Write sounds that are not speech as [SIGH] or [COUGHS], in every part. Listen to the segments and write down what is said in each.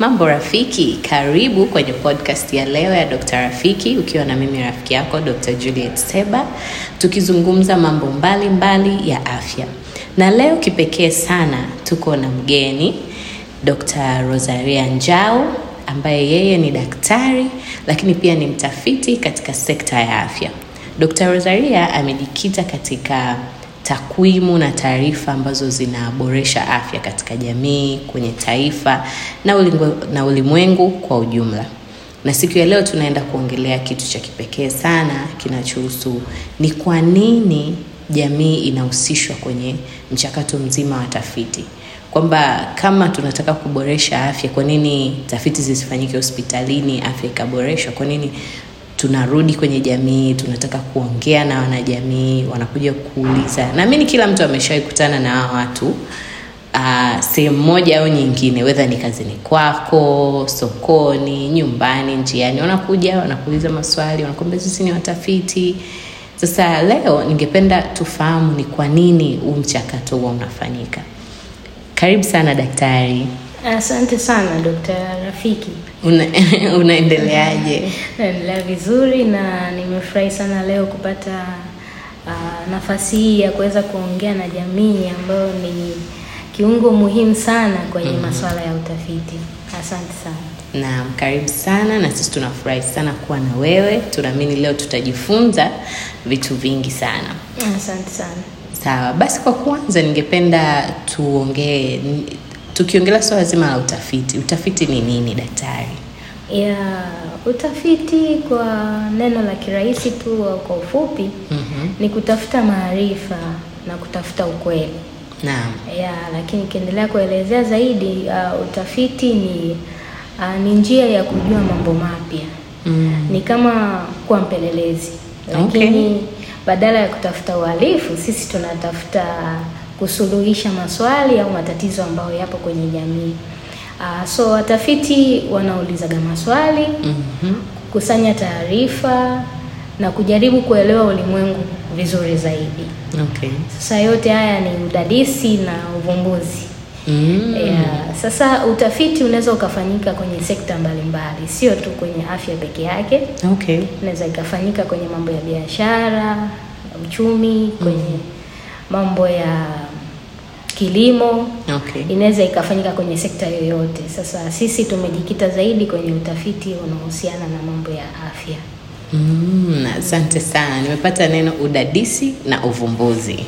Mambo rafiki, karibu kwenye podcast ya leo ya Dr. Rafiki ukiwa na mimi rafiki yako Dr. Juliet Seba, tukizungumza mambo mbalimbali mbali ya afya. Na leo kipekee sana tuko na mgeni Dr. Rosaria Njau ambaye yeye ni daktari lakini pia ni mtafiti katika sekta ya afya. Dr. Rosaria amejikita katika takwimu na taarifa ambazo zinaboresha afya katika jamii, kwenye taifa na ulimwengu, na ulimwengu kwa ujumla. Na siku ya leo tunaenda kuongelea kitu cha kipekee sana kinachohusu ni kwa nini jamii inahusishwa kwenye mchakato mzima wa tafiti, kwamba kama tunataka kuboresha afya, kwa nini tafiti zisifanyike hospitalini afya ikaboreshwa? Kwa nini tunarudi kwenye jamii tunataka kuongea na wanajamii wanakuja kuuliza naamini kila mtu ameshawahi kutana na hawa watu uh, sehemu moja au nyingine wedha ni kazini kwako sokoni nyumbani njiani wanakuja wanakuuliza maswali wanakuambia sisi ni watafiti sasa leo ningependa tufahamu ni kwa nini huu mchakato huwa unafanyika karibu sana daktari Asante sana Dr. Rafiki. Una, [LAUGHS] unaendeleaje? Naendelea vizuri na nimefurahi sana leo kupata uh, nafasi hii ya kuweza kuongea na jamii ambayo ni kiungo muhimu sana kwenye mm -hmm. masuala ya utafiti. Asante sana. Naam, karibu sana na sisi tunafurahi sana kuwa na wewe. Tunaamini leo tutajifunza vitu vingi sana. Asante sana. Sawa, basi kwa kwanza ningependa tuongee tukiongelea swala zima la utafiti, utafiti ni nini daktari? Yeah, utafiti kwa neno la kirahisi tu kwa ufupi mm -hmm. ni kutafuta maarifa na kutafuta ukweli. Naam. Yeah, lakini ikiendelea kuelezea zaidi uh, utafiti ni uh, ni njia ya kujua mambo mapya mm. ni kama kuwa mpelelezi lakini okay. badala ya kutafuta uhalifu sisi tunatafuta uh, kusuluhisha maswali au matatizo ambayo yapo kwenye jamii. Uh, so watafiti wanaulizaga maswali mm -hmm. kukusanya taarifa na kujaribu kuelewa ulimwengu vizuri zaidi. Okay. Sasa yote haya ni udadisi na uvumbuzi. Mm. Yeah. Sasa utafiti unaweza ukafanyika kwenye sekta mbalimbali, sio tu kwenye afya peke yake. Okay. Unaweza ikafanyika kwenye mambo ya biashara, uchumi, kwenye mm. mambo ya kilimo okay. Inaweza ikafanyika kwenye sekta yoyote. Sasa sisi tumejikita zaidi kwenye utafiti unaohusiana na mambo ya afya. Mm, asante sana, nimepata neno udadisi na uvumbuzi.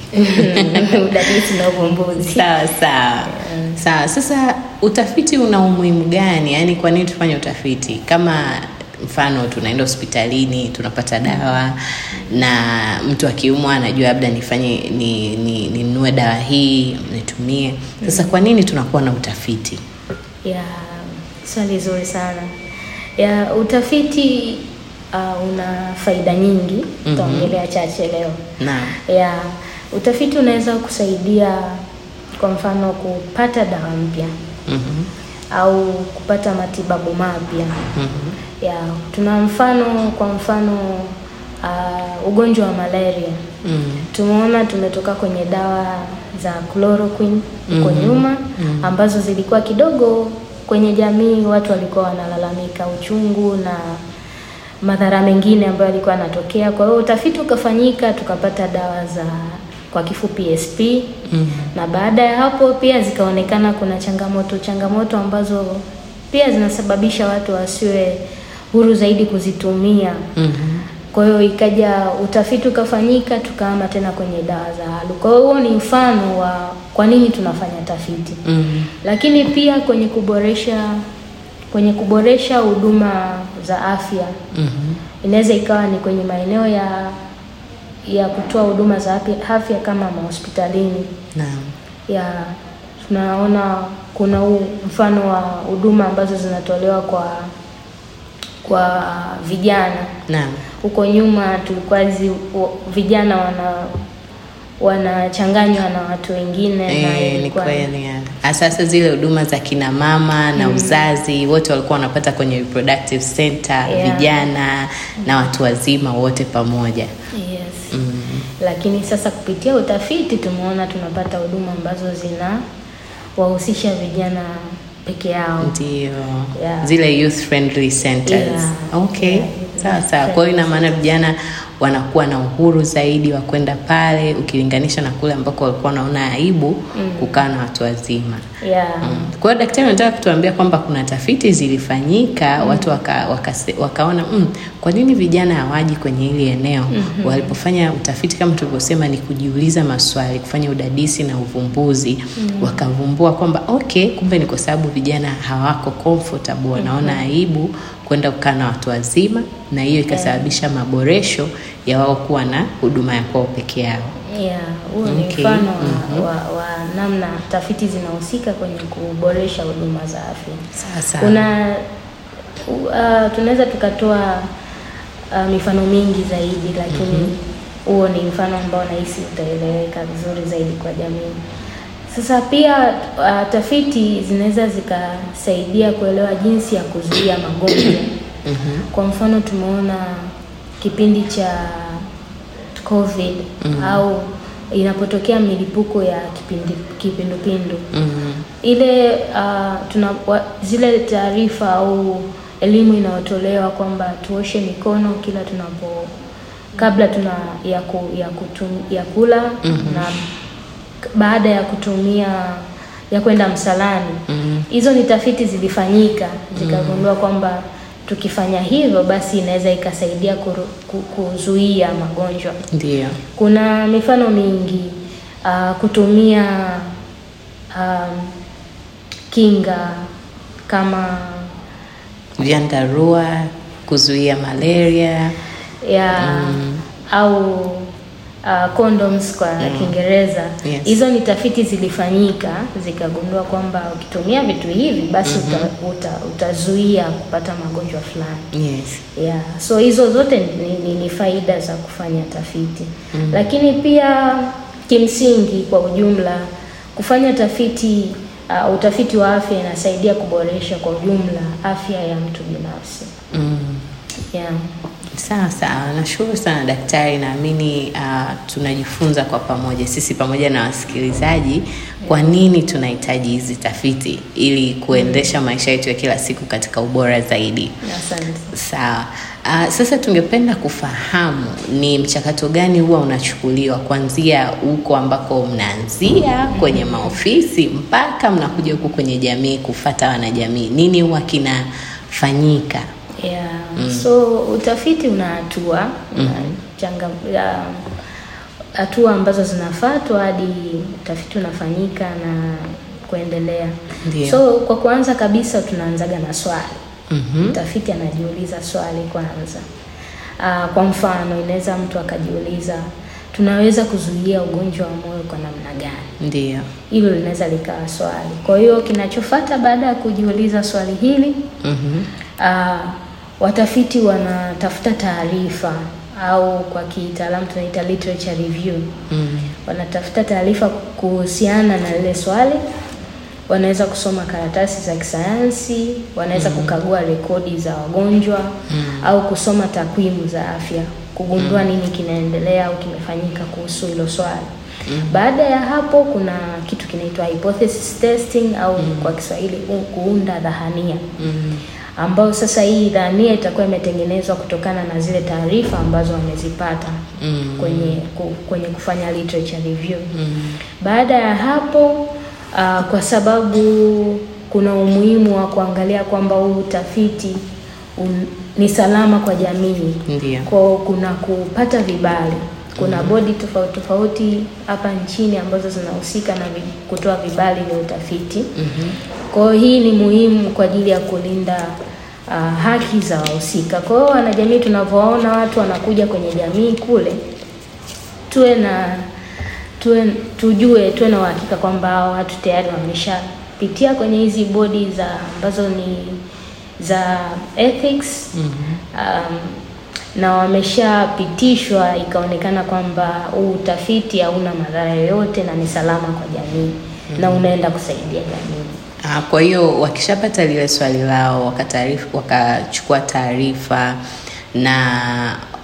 [LAUGHS] Udadisi na uvumbuzi, sawa sawa, sawa. Sasa utafiti una umuhimu gani? Yaani, kwa nini tufanye utafiti kama mfano tunaenda hospitalini tunapata dawa, na mtu akiumwa anajua labda nifanye ni, ni, ninunue dawa hii nitumie. Sasa kwa nini tunakuwa na utafiti? Yeah, swali zuri sana ya utafiti uh, una faida nyingi mhm. tutaongelea mm -hmm. chache leo nah. ya utafiti unaweza kusaidia kwa mfano kupata dawa mpya mm -hmm. au kupata matibabu mapya mm -hmm ya tuna mfano kwa mfano uh, ugonjwa wa malaria mm. Tumeona tumetoka kwenye dawa za chloroquine huko mm -hmm. nyuma mm -hmm. ambazo zilikuwa kidogo kwenye jamii, watu walikuwa wanalalamika uchungu na madhara mengine ambayo yalikuwa yanatokea. Kwa hiyo utafiti ukafanyika, tukapata dawa za kwa kifupi SP mm -hmm. na baada ya hapo pia zikaonekana kuna changamoto changamoto ambazo pia zinasababisha watu wasiwe huru zaidi kuzitumia. mm -hmm. Kwa hiyo ikaja utafiti ukafanyika, tukaama tena kwenye dawa za ALU. Kwa hiyo huo ni mfano wa kwa nini tunafanya tafiti. mm -hmm. Lakini pia kwenye kuboresha kwenye kuboresha huduma za afya mm -hmm. inaweza ikawa ni kwenye maeneo ya ya kutoa huduma za afya kama mahospitalini. Naam. Ya tunaona kuna mfano wa huduma ambazo zinatolewa kwa kwa vijana. Naam. Huko nyuma tulikuwa vijana wana wanachanganywa na watu wengine e, ni kweli. Sasa zile huduma za kina mama na mm. uzazi wote walikuwa wanapata kwenye reproductive center yeah. Vijana na watu wazima wote pamoja yes. mm. Lakini sasa kupitia utafiti tumeona tunapata huduma ambazo zina wahusisha vijana peke yao ndio yeah. zile youth friendly centers yeah. okay yeah. sawa sawa kwa hiyo ina maana vijana wanakuwa na uhuru zaidi wa kwenda pale ukilinganisha na kule ambako walikuwa wanaona aibu mm. kukaa na watu wazima yeah. mm. kwa hiyo daktari anataka kutuambia kwamba kuna tafiti zilifanyika mm. watu waka, waka, wakaona waka mm, kwa nini vijana hawaji kwenye hili eneo? mm-hmm. Walipofanya utafiti kama tulivyosema, ni kujiuliza maswali, kufanya udadisi na uvumbuzi mm-hmm. Wakavumbua kwamba okay, kumbe ni kwa sababu vijana hawako comfortable, mhm. wanaona mm-hmm. aibu kwenda kukaa na watu wazima, na hiyo ikasababisha maboresho ya wao kuwa na huduma ya kwao peke yao. Yeah, ni okay. mfano mm-hmm. wa, wa namna tafiti zinahusika kwenye kuboresha huduma za afya. Sasa kuna uh, tunaweza tukatoa uh, mifano mingi zaidi, lakini mhm. huo -hmm. ni mfano ambao nahisi utaeleweka vizuri zaidi kwa jamii. Sasa pia uh, tafiti zinaweza zikasaidia kuelewa jinsi ya kuzuia magonjwa [COUGHS] mm -hmm. kwa mfano tumeona kipindi cha COVID mm -hmm. au inapotokea milipuko ya kipindi kipindupindu mm -hmm. ile uh, tuna, wa, zile taarifa au elimu inayotolewa kwamba tuoshe mikono kila tunapo kabla tuna ya, ku, ya, kutum, ya kula mm -hmm. na baada ya kutumia ya kwenda msalani mm-hmm. hizo mm -hmm. ni tafiti zilifanyika zikagundua mm-hmm. kwamba tukifanya hivyo basi inaweza ikasaidia kuzuia magonjwa. Ndio. Kuna mifano mingi uh, kutumia um, kinga kama vyandarua kuzuia malaria yeah, mm. au uh, condoms kwa mm. Kiingereza hizo yes. Ni tafiti zilifanyika zikagundua kwamba ukitumia vitu hivi basi mm -hmm. uta, uta, utazuia kupata magonjwa fulani yes. Yeah. So hizo zote ni, ni, ni faida za kufanya tafiti mm -hmm. Lakini pia kimsingi kwa ujumla kufanya tafiti uh, utafiti wa afya inasaidia kuboresha kwa ujumla afya ya mtu binafsi. mm. yeah. Sawa sawa, nashukuru sana daktari. Naamini uh, tunajifunza kwa pamoja sisi pamoja na wasikilizaji, kwa nini tunahitaji hizi tafiti ili kuendesha maisha yetu ya kila siku katika ubora zaidi. Asante. Sawa. Uh, sasa tungependa kufahamu ni mchakato gani huwa unachukuliwa kuanzia huko ambako mnaanzia kwenye maofisi mpaka mnakuja huko kwenye jamii kufata wanajamii, nini huwa kinafanyika? yeah. mm. So utafiti una hatua mm -hmm. hatua ambazo zinafuatwa hadi utafiti unafanyika na kuendelea. Ndiyo. So kwa kwanza kabisa tunaanzaga na swali mm -hmm. anajiuliza swali kwanza. Uh, kwa mfano inaweza mtu akajiuliza tunaweza kuzuia ugonjwa wa moyo kwa namna gani? Ndiyo. Hilo linaweza likawa swali. Kwa hiyo kinachofuata baada ya kujiuliza swali hili mm -hmm. uh, watafiti wanatafuta taarifa au kwa kitaalamu tunaita literature review mm. Wanatafuta taarifa kuhusiana na lile swali, wanaweza kusoma karatasi za kisayansi, wanaweza mm. kukagua rekodi za wagonjwa mm. au kusoma takwimu za afya kugundua mm. nini kinaendelea au kimefanyika kuhusu hilo swali. Mm. Baada ya hapo kuna kitu kinaitwa hypothesis testing au mm. kwa Kiswahili kuunda dhahania. Mm ambao sasa hii dhania itakuwa imetengenezwa kutokana na zile taarifa ambazo wamezipata mm. kwenye kwenye kufanya literature review mm. Baada ya hapo uh, kwa sababu kuna umuhimu wa kuangalia kwamba huu utafiti um, ni salama kwa jamii. Ndiyo. Kwa kuna kupata vibali kuna bodi tofauti tofauti hapa nchini ambazo zinahusika na kutoa vibali vya utafiti. mm -hmm. Kwa hiyo hii ni muhimu kwa ajili ya kulinda uh, haki za wahusika. Kwa hiyo wanajamii, tunavyoona watu wanakuja kwenye jamii kule, tuwe na tuwe, tujue tuwe na uhakika kwamba hao watu tayari wameshapitia kwenye hizi bodi za ambazo ni za ethics. mm -hmm. um, na wameshapitishwa ikaonekana kwamba huu utafiti hauna madhara yoyote na ni salama kwa jamii mm -hmm. na mhm. unaenda kusaidia jamii. Ah, kwa hiyo wakishapata lile swali lao wakachukua taarifa na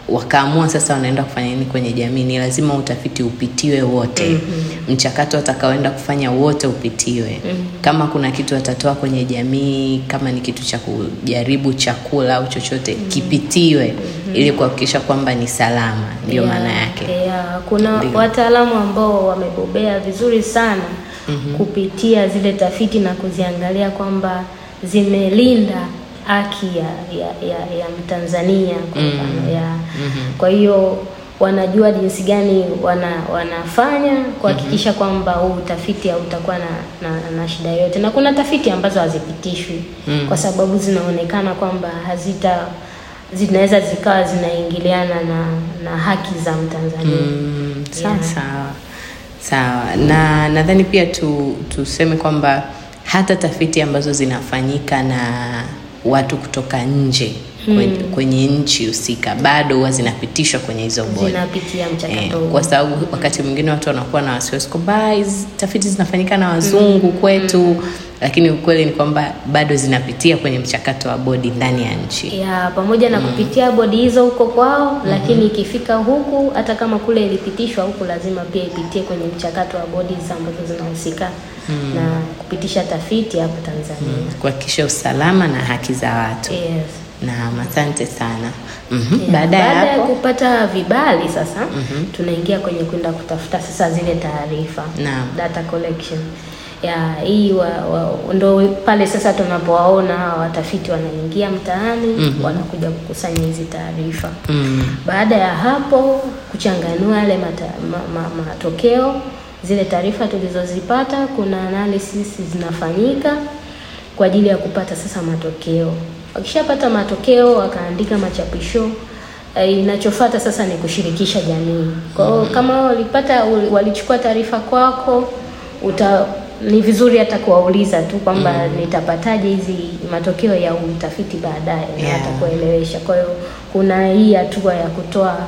wakaamua sasa wanaenda kufanya nini kwenye jamii ni lazima utafiti upitiwe wote mm-hmm. mchakato atakaoenda kufanya wote upitiwe mm-hmm. kama kuna kitu watatoa kwenye jamii kama ni kitu cha kujaribu chakula au chochote mm-hmm. kipitiwe mm-hmm. ili kuhakikisha kwamba ni salama ndio yeah, maana yake yeah. kuna wataalamu ambao wamebobea vizuri sana mm-hmm. kupitia zile tafiti na kuziangalia kwamba zimelinda haki ya ya, ya, ya Mtanzania kwa mm. mfano mm. ya mm-hmm. kwa hiyo wanajua jinsi gani wana, wanafanya kuhakikisha mm-hmm. kwamba huu utafiti hautakuwa na, na, na shida yoyote, na kuna tafiti ambazo hazipitishwi mm. kwa sababu zinaonekana kwamba hazita zinaweza zikawa zinaingiliana na, na haki za Mtanzania mm. sawa yeah. sawa sawa na nadhani pia tu, tuseme kwamba hata tafiti ambazo zinafanyika na watu kutoka nje hmm. kwenye, mm. kwenye nchi husika bado huwa zinapitishwa kwenye hizo bodi eh, kwa sababu wakati mwingine watu wanakuwa na wasiwasi kwamba ah, tafiti zinafanyika na wazungu mm. kwetu mm lakini ukweli ni kwamba bado zinapitia kwenye mchakato wa bodi ndani ya nchi ya, pamoja na mm. kupitia bodi hizo huko kwao mm-hmm. lakini ikifika huku hata kama kule ilipitishwa huku lazima pia ipitie kwenye mchakato wa bodi ambazo zinahusika mm. na kupitisha tafiti hapa Tanzania mm, kuhakikisha usalama na haki za watu yes. Naam, asante sana mm -hmm. Yeah, baada ya hapo... kupata vibali sasa mm -hmm. tunaingia kwenye kwenda kutafuta sasa zile taarifa data collection ya hii wa, wa, ndo pale sasa tunapowaona watafiti wanaingia mtaani mm -hmm. wanakuja kukusanya hizi taarifa mm -hmm. Baada ya hapo kuchanganua yale matokeo ma, ma, ma, zile taarifa tulizozipata, kuna analysis zinafanyika kwa ajili ya kupata sasa matokeo. Wakishapata matokeo, wakaandika machapisho eh, inachofata sasa ni kushirikisha jamii. Kwa hiyo mm. kama walipata walichukua taarifa kwako, uta ni vizuri hata kuwauliza tu kwamba mm, nitapataje hizi matokeo ya utafiti baadaye, yeah, na atakuelewesha. Kwa hiyo kuna hii hatua ya kutoa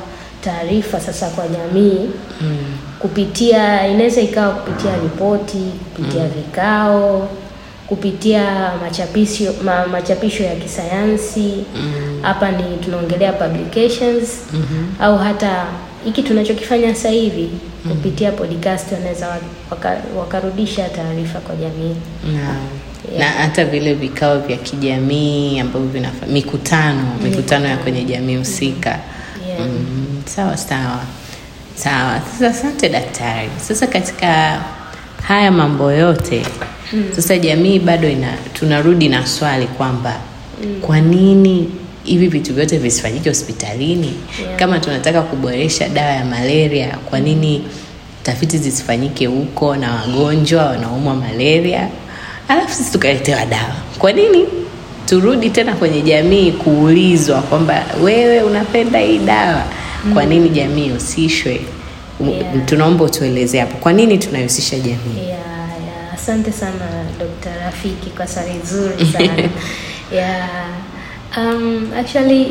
taarifa sasa kwa jamii mm kupitia, inaweza ikawa kupitia ripoti, kupitia mm. vikao, kupitia machapisho ma, machapisho ya kisayansi mm. hapa mm. ni tunaongelea publications mm -hmm. au hata hiki tunachokifanya sasa hivi mm. kupitia podcast wanaweza waka, wakarudisha taarifa kwa jamii Yeah. na hata vile vikao vya kijamii ambavyo vinafanya mikutano mikutano ya kwenye jamii husika yeah. mm, sawa sawa Sawa. Sasa asante daktari. Sasa katika haya mambo yote mm. Sasa jamii bado ina tunarudi na swali kwamba mm. kwa nini hivi vitu vyote visifanyike hospitalini? Yeah. Kama tunataka kuboresha dawa ya malaria, kwa mm. nini tafiti zisifanyike huko na wagonjwa wanaumwa malaria alafu sisi tukaletewa dawa? Kwa nini turudi tena kwenye jamii kuulizwa kwamba wewe unapenda hii dawa? kwa nini mm. jamii ihusishwe yeah. tunaomba utueleze hapo kwa nini tunahusisha jamii yeah, yeah. asante sana dr rafiki kwa swali zuri sana [LAUGHS] yeah. Um, actually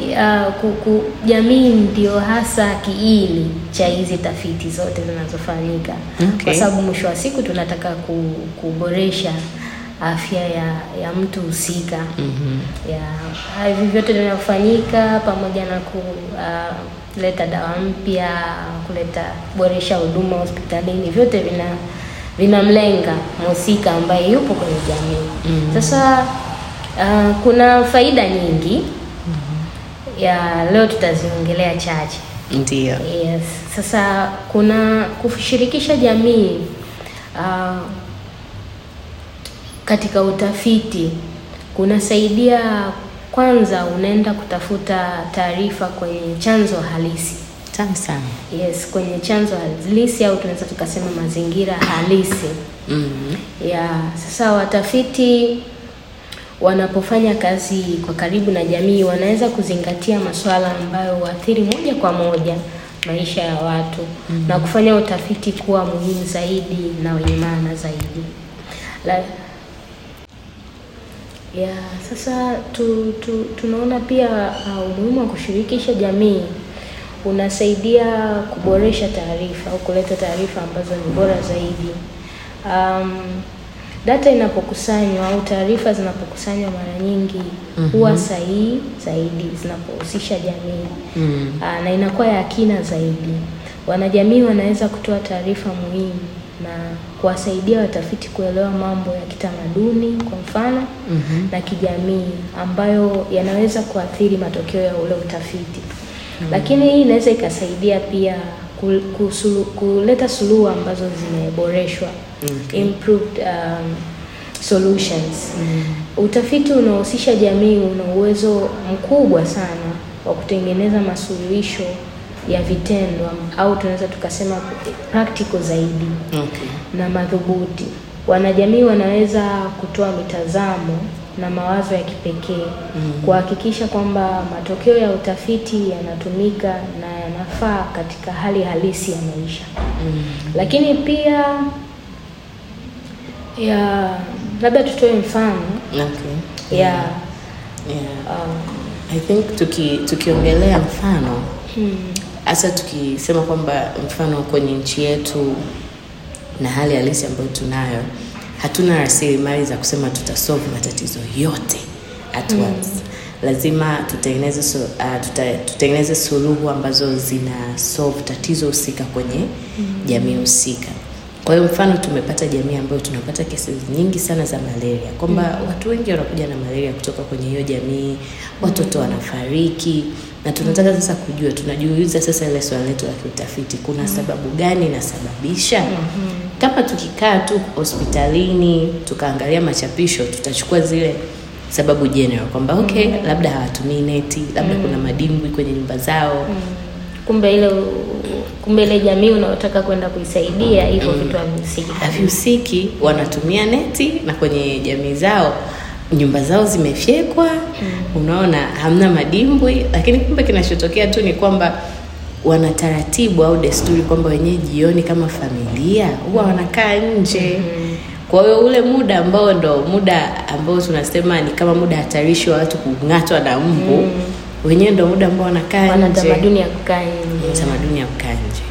uh, jamii ndio hasa kiini cha hizi tafiti zote zinazofanyika okay. Kwa sababu mwisho wa siku tunataka ku, kuboresha afya ya, ya mtu husika mm-hmm. hivi vyote vinavyofanyika pamoja na ku uh, kuleta dawa mpya, kuleta boresha huduma hospitalini, vyote vina vinamlenga mhusika ambaye yupo kwenye jamii mm. Sasa uh, kuna faida nyingi mm-hmm. ya leo tutaziongelea chache. Ndio. Yes. Sasa kuna kushirikisha jamii uh, katika utafiti kunasaidia kwanza unaenda kutafuta taarifa kwenye chanzo halisi. sana. Yes, kwenye chanzo halisi au tunaweza tukasema mazingira halisi. Mm -hmm. Ya, sasa watafiti wanapofanya kazi kwa karibu na jamii wanaweza kuzingatia masuala ambayo huathiri moja kwa moja maisha ya watu mm -hmm. na kufanya utafiti kuwa muhimu zaidi na wenye maana zaidi. La, ya, sasa tu, tu, tunaona pia uh, umuhimu wa kushirikisha jamii unasaidia kuboresha taarifa au kuleta taarifa ambazo ni bora zaidi. Um, data inapokusanywa au taarifa zinapokusanywa mara nyingi mm huwa -hmm. sahihi zaidi zinapohusisha jamii mm -hmm. uh, na inakuwa ya kina zaidi. Wanajamii wanaweza kutoa taarifa muhimu na kuwasaidia watafiti kuelewa mambo ya kitamaduni kwa mfano mm -hmm. na kijamii ambayo yanaweza kuathiri matokeo ya ule utafiti mm -hmm. Lakini hii inaweza ikasaidia pia kusulu, kuleta suluhu ambazo zimeboreshwa okay. improved um, solutions mm -hmm. Utafiti unaohusisha jamii una uwezo mkubwa sana wa kutengeneza masuluhisho ya vitendo au tunaweza tukasema practical zaidi okay. na madhubuti. Wanajamii wanaweza kutoa mitazamo na mawazo ya kipekee mm -hmm. kuhakikisha kwamba matokeo ya utafiti yanatumika na yanafaa katika hali halisi ya maisha mm -hmm. Lakini pia ya labda tutoe mfano okay. ya yeah. yeah. um, I think tuki- tukiongelea mfano hmm hasa tukisema kwamba mfano kwenye nchi yetu na hali halisi ambayo tunayo, hatuna rasilimali za kusema tutasolve matatizo yote at mm. once Lazima tutengeneze so, uh, tuta, tutengeneze suluhu ambazo zina solve tatizo husika kwenye mm. jamii husika. Kwa hiyo mfano tumepata jamii ambayo tunapata kesi nyingi sana za malaria, kwamba mm. watu wengi wanakuja na malaria kutoka kwenye hiyo jamii, watoto wanafariki mm na tunataka sasa kujua, tunajiuliza sasa ile swali letu la kiutafiti, kuna mm-hmm. sababu gani inasababisha? Mm-hmm. Kama tukikaa tu hospitalini tukaangalia machapisho, tutachukua zile sababu general kwamba okay, mm-hmm. labda hawatumii neti, labda kuna madimbwi kwenye nyumba zao kumbe ile kumbe ile jamii unaotaka kwenda kuisaidia hivyo mm vitu havihusiki, havihusiki, wanatumia neti na kwenye jamii zao nyumba zao zimefyekwa mm. unaona hamna madimbwi lakini kumbe kinachotokea tu ni kwamba wana taratibu au desturi kwamba wenyewe jioni kama familia huwa wanakaa nje mm-hmm. kwa hiyo ule muda ambao ndo muda ambao tunasema ni kama muda hatarishi wa watu kung'atwa na mbu mm-hmm. wenyewe ndo muda ambao wanakaa nje tamaduni ya kukaa nje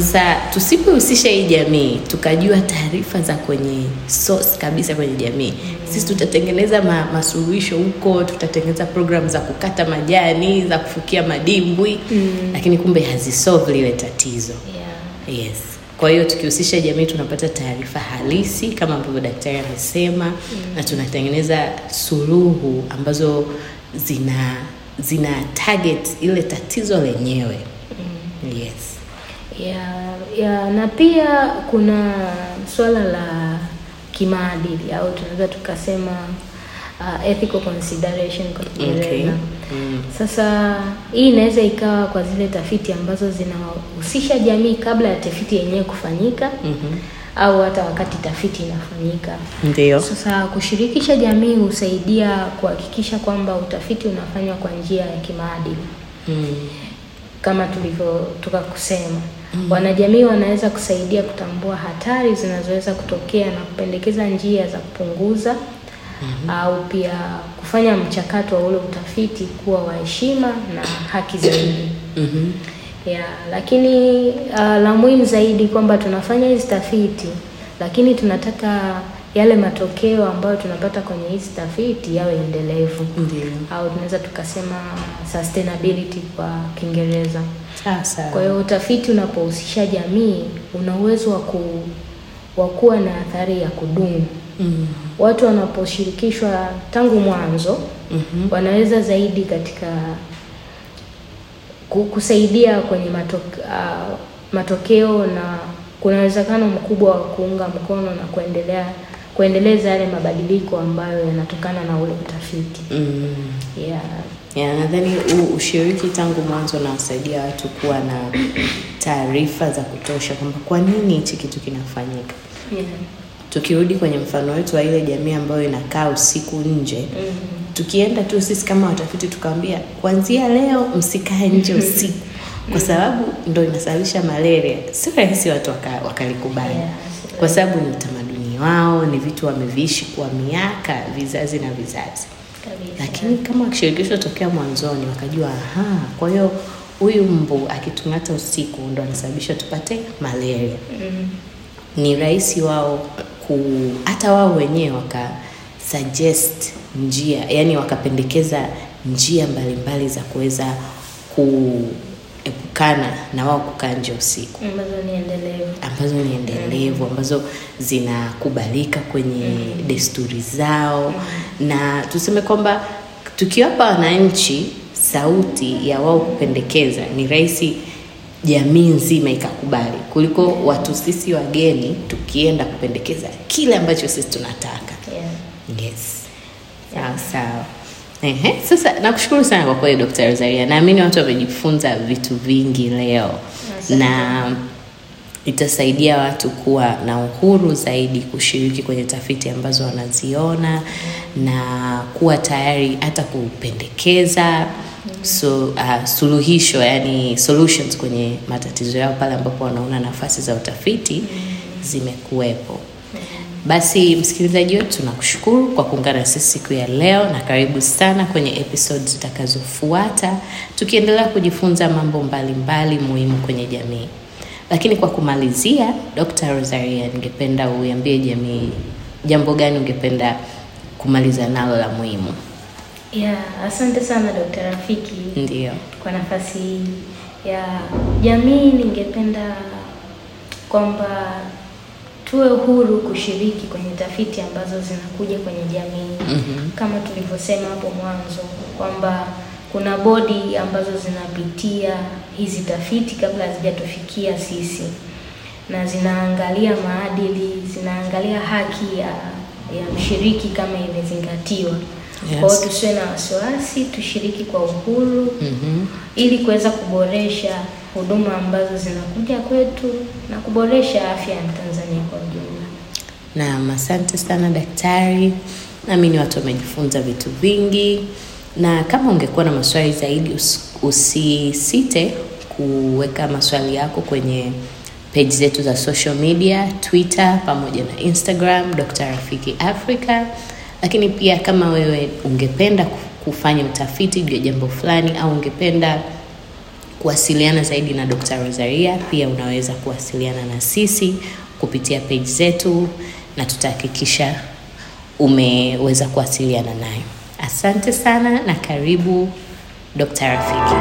za tusipohusisha hii jamii tukajua taarifa za kwenye source kabisa kwenye jamii, sisi tutatengeneza ma, masuluhisho huko, tutatengeneza programu za kukata majani, za kufukia madimbwi mm. Lakini kumbe hazisolve lile tatizo yeah. Yes, kwa hiyo tukihusisha jamii tunapata taarifa halisi kama ambavyo daktari amesema mm. Na tunatengeneza suluhu ambazo zina zina target ile tatizo lenyewe mm. Yes ya, ya, Na pia kuna swala la kimaadili au tunaweza tukasema uh, ethical consideration kwa Kiingereza. Okay. Mm. Sasa hii inaweza ikawa kwa zile tafiti ambazo zinahusisha jamii kabla ya tafiti yenyewe kufanyika. mm -hmm au hata wakati tafiti inafanyika. Ndio. Sasa kushirikisha jamii husaidia kuhakikisha kwamba utafiti unafanywa kwa njia ya kimaadili. Mm kama tulivyotoka kusema mm. Wanajamii wanaweza kusaidia kutambua hatari zinazoweza kutokea na kupendekeza njia za kupunguza mm -hmm. au pia kufanya mchakato wa ule utafiti kuwa wa heshima na haki zaidi mm -hmm. ya lakini uh, la muhimu zaidi kwamba tunafanya hizi tafiti, lakini tunataka yale matokeo ambayo tunapata kwenye hizi tafiti yawe endelevu au tunaweza tukasema sustainability kwa Kiingereza. Kwa hiyo utafiti unapohusisha jamii una uwezo wa ku wa kuwa na athari ya kudumu. Mm. Watu wanaposhirikishwa tangu mwanzo mm -hmm. wanaweza zaidi katika kusaidia kwenye matoke, uh, matokeo na kuna uwezekano mkubwa wa kuunga mkono na kuendelea kuendeleza yale mabadiliko ambayo yanatokana na ule utafiti. Mm. Yeah. Yeah, nadhani ushiriki tangu mwanzo unawasaidia watu kuwa na taarifa za kutosha kwamba kwa nini hichi kitu kinafanyika. Yeah. Tukirudi kwenye mfano wetu wa ile jamii ambayo inakaa usiku nje. Mm. Tukienda tu sisi kama watafiti tukaambia kuanzia leo msikae nje usiku [LAUGHS] kwa sababu ndo inasababisha malaria, si rahisi watu wakalikubali waka, kwa sababu ni utamaduni wao, ni vitu wameviishi kwa miaka, vizazi na vizazi kabisa. Lakini kama wakishirikishwa tokea mwanzoni, wakajua aha, kwa hiyo huyu mbu akitung'ata usiku ndo anasababisha tupate malaria mm. Ni rahisi wao ku hata wao wenyewe waka suggest njia, yani wakapendekeza njia mbalimbali mbali za kuweza ku epukana na wao kukaa nje usiku, ambazo ni endelevu, ambazo ni endelevu, mm. ambazo zinakubalika kwenye mm. desturi zao mm. na tuseme kwamba tukiwapa wananchi sauti ya wao kupendekeza, ni rahisi jamii nzima ikakubali kuliko watu sisi wageni tukienda kupendekeza kile ambacho sisi tunataka. Yeah. Yes, sawa sawa. Ehe, sasa nakushukuru sana kwa kweli Dr. Rosaria. Naamini watu wamejifunza vitu vingi leo na itasaidia watu kuwa na uhuru zaidi kushiriki kwenye tafiti ambazo wanaziona na kuwa tayari hata kupendekeza mm. so, uh, suluhisho yani solutions kwenye matatizo yao pale ambapo wanaona nafasi za utafiti mm. zimekuwepo. Basi msikilizaji wetu, tunakushukuru kwa kuungana nasi siku ya leo, na karibu sana kwenye episode zitakazofuata, tukiendelea kujifunza mambo mbalimbali muhimu kwenye jamii. Lakini kwa kumalizia, Dr. Rosaria, ningependa uiambie jamii jambo gani ungependa kumaliza nalo la muhimu? Yeah, asante sana Dr. Rafiki. Ndio. Kwa nafasi ya jamii ningependa kwamba tuwe huru kushiriki kwenye tafiti ambazo zinakuja kwenye jamii. mm -hmm. Kama tulivyosema hapo mwanzo kwamba kuna bodi ambazo zinapitia hizi tafiti kabla hazijatufikia sisi, na zinaangalia maadili, zinaangalia haki ya, ya mshiriki kama imezingatiwa. Yes. Kwa tusiwe na wasiwasi, tushiriki kwa uhuru mm -hmm. ili kuweza kuboresha huduma ambazo zinakuja kwetu na kuboresha afya ya Mtanzania kwa ujumla. Naam, asante sana daktari. Naamini watu wamejifunza vitu vingi, na kama ungekuwa na maswali zaidi usisite kuweka maswali yako kwenye page zetu za social media, Twitter pamoja na Instagram, Dr. Rafiki Africa. Lakini pia kama wewe ungependa kufanya utafiti juu ya jambo fulani au ungependa kuwasiliana zaidi na Dr. Rozaria, pia unaweza kuwasiliana na sisi kupitia page zetu na tutahakikisha umeweza kuwasiliana naye. Asante sana na karibu Dr. Rafiki.